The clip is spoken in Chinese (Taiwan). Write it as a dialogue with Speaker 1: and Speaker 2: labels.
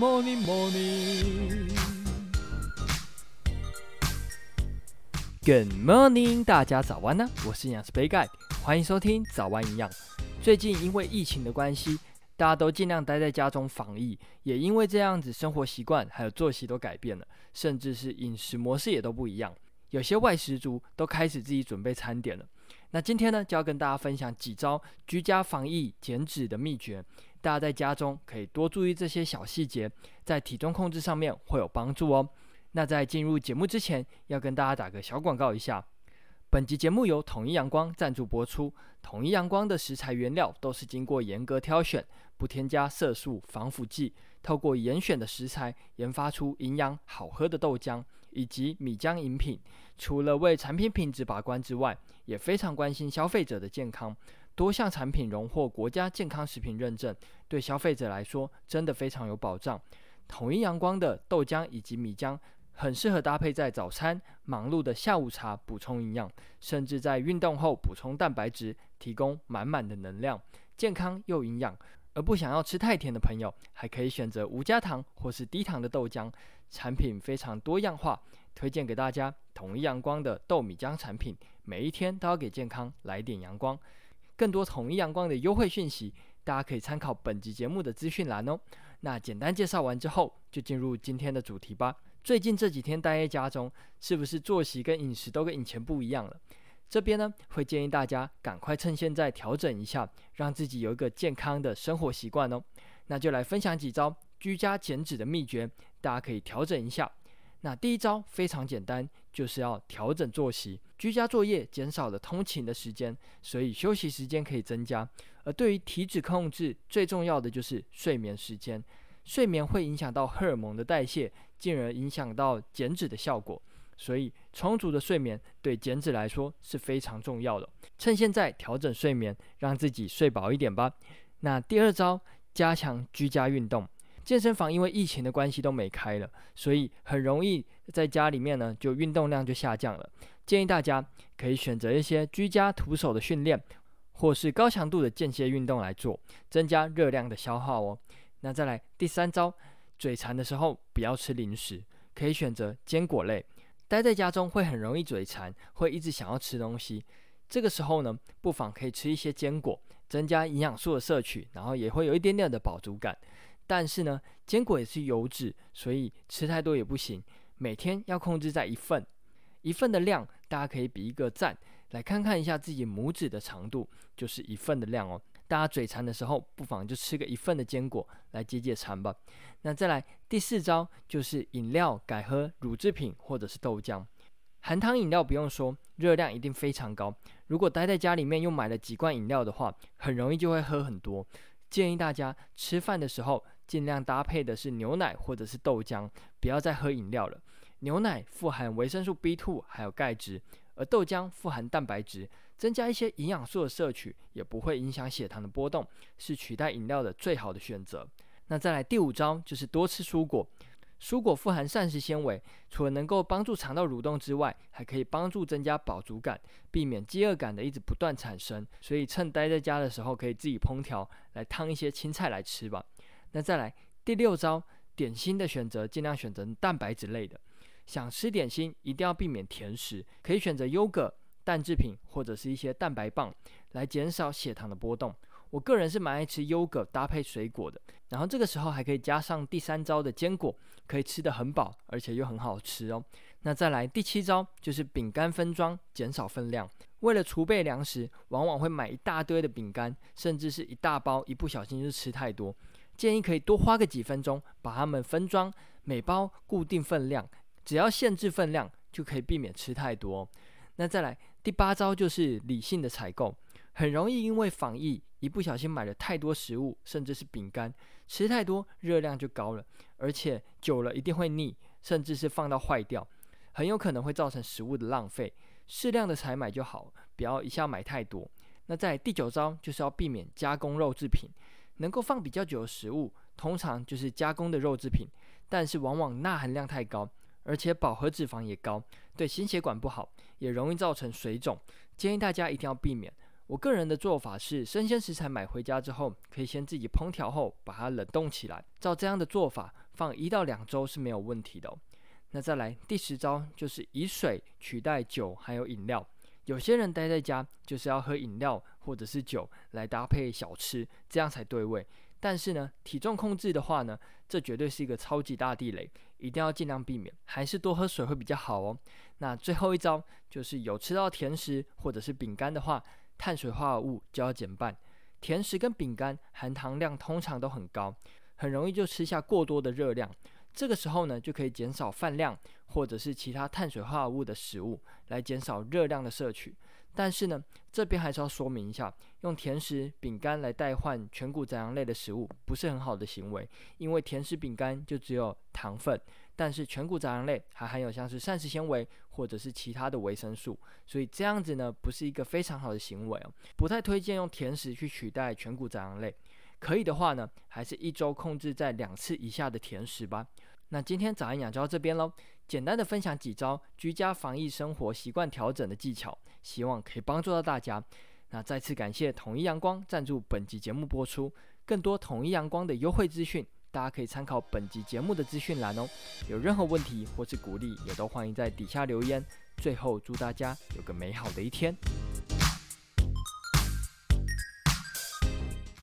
Speaker 1: Morning, morning. Good morning，大家早安呢、啊！我是營養師杯蓋，歡迎收聽早安營養。最近因為疫情的關係，大家都盡量待在家中防疫，也因為這樣子生活習慣還有作息都改變了，甚至是飲食模式也都不一樣。有些外食族都開始自己準備餐點了。那今天呢，就要跟大家分享幾招居家防疫減脂的祕訣。大家在家中可以多注意這些小細節，在體重控制上面會有幫助哦。那在進入節目之前，要跟大家打個小廣告一下。本集節目由統一陽光贊助播出。統一陽光的食材原料都是經過嚴格挑選，不添加色素、防腐劑，透過嚴選的食材研發出營養好喝的豆漿以及米漿飲品。除了為產品品質把關之外，也非常關心消費者的健康。多項產品榮獲國家健康食品認證，對消費者來說真的非常有保障。統一陽光的豆漿以及米漿很適合搭配在早餐、忙碌的下午茶補充營養，甚至在運動後補充蛋白質，提供滿滿的能量，健康又營養。而不想要吃太甜的朋友，還可以選擇無加糖或是低糖的豆漿。產品非常多樣化，推薦給大家統一陽光的豆米漿產品。每一天都要給健康來點陽光。更多統一陽光的優惠訊息，大家可以參考本集節目的資訊欄哦。那簡單介紹完之後，就進入今天的主題吧。最近這幾天待在家中，是不是作息跟飲食都跟以前不一樣了？這邊呢，會建議大家趕快趁現在調整一下，讓自己有一個健康的生活習慣哦。那就來分享幾招居家減脂的秘訣，大家可以調整一下。那第一招非常簡單，就是要調整作息。居家作業減少了通勤的時間，所以休息時間可以增加。而對於體脂控制，最重要的就是睡眠時間。睡眠會影響到荷爾蒙的代謝，進而影響到減脂的效果。所以充足的睡眠對減脂來說是非常重要的。趁現在調整睡眠，讓自己睡飽一點吧。那第二招，加強居家運動。健身房因為疫情的關係都沒開了，所以很容易在家裡面呢就運動量就下降了。建議大家可以選擇一些居家徒手的訓練，或是高強度的間歇運動來做，增加熱量的消耗哦。那再來第三招，嘴饞的時候不要吃零食，可以選擇堅果類。待在家中會很容易嘴饞，會一直想要吃東西。這個時候呢，不妨可以吃一些堅果，增加營養素的攝取，然後也會有一點點的飽足感。但是呢，堅果也是油脂，所以吃太多也不行。每天要控制在一份，一份的量，大家可以比一個讚，來看看一下自己拇指的長度，就是一份的量哦。大家嘴饞的時候，不妨就吃個一份的堅果來解解饞吧。那再來第四招，就是飲料改喝乳製品或者是豆漿。含糖飲料不用說，熱量一定非常高。如果待在家裡面又買了幾罐飲料的話，很容易就會喝很多。建議大家吃飯的時候，盡量搭配的是牛奶或者是豆漿，不要再喝飲料了。牛奶富含維生素 B2，還有鈣質，而豆漿富含蛋白質，增加一些營養素的攝取，也不會影響血糖的波動，是取代飲料的最好的選擇。那再來第五招，就是多吃蔬果，蔬果富含膳食纖維，除了能夠幫助腸道蠕動之外，還可以幫助增加飽足感，避免飢餓感的一直不斷產生。所以趁待在家的時候，可以自己烹調來燙一些青菜來吃吧。那再來第六招，點心的選擇盡量選擇蛋白質類的。想吃點心，一定要避免甜食，可以選擇優格、蛋製品或者是一些蛋白棒，來減少血糖的波動。我個人是蠻愛吃優格搭配水果的，然後這個時候還可以加上第三招的堅果，可以吃得很飽，而且又很好吃哦。那再來第七招就是餅乾分裝，減少分量。為了儲備糧食，往往會買一大堆的餅乾，甚至是一大包，一不小心就吃太多。建議可以多花個幾分鐘，把它們分裝，每包固定分量，只要限制分量，就可以避免吃太多。那再來第八招，就是理性的採購，很容易因為防疫一不小心買了太多食物，甚至是餅乾，吃太多熱量就高了，而且久了一定會膩，甚至是放到壞掉，很有可能會造成食物的浪費。適量的採買就好，不要一下買太多。那在第九招，就是要避免加工肉製品。能夠放比較久的食物，通常就是加工的肉製品，但是往往鈉含量太高，而且飽和脂肪也高，對心血管不好，也容易造成水腫。建議大家一定要避免。我個人的做法是，生鮮食材買回家之後，可以先自己烹調後，把它冷凍起來。照這樣的做法，放一到兩周是沒有問題的哦。那再來第十招，就是以水取代酒還有飲料。有些人待在家就是要喝飲料或者是酒來搭配小吃，這樣才對味。但是呢，體重控制的話呢，這絕對是一個超級大地雷，一定要盡量避免。還是多喝水會比較好哦。那最後一招就是有吃到甜食或者是餅乾的話，碳水化合物就要減半。甜食跟餅乾含糖量通常都很高，很容易就吃下過多的熱量。這個時候呢，就可以減少飯量，或者是其他碳水化合物的食物，來減少熱量的攝取。但是呢，這邊還是要說明一下，用甜食、餅乾來代換全谷雜糧類的食物，不是很好的行為，因為甜食、餅乾就只有糖分，但是全谷雜糧類還含有像是膳食纖維或者是其他的維生素，所以這樣子呢，不是一個非常好的行為哦，不太推薦用甜食去取代全谷雜糧類。可以的話呢，還是一周控制在兩次以下的甜食吧。那今天早安營養就就到這邊嘍，簡單的分享幾招居家防疫生活習慣調整的技巧，希望可以幫助到大家。那再次感謝統一陽光贊助本集節目播出，更多統一陽光的優惠資訊，大家可以參考本集節目的資訊欄哦。有任何問題或是鼓勵，也都歡迎在底下留言。最後祝大家有個美好的一天。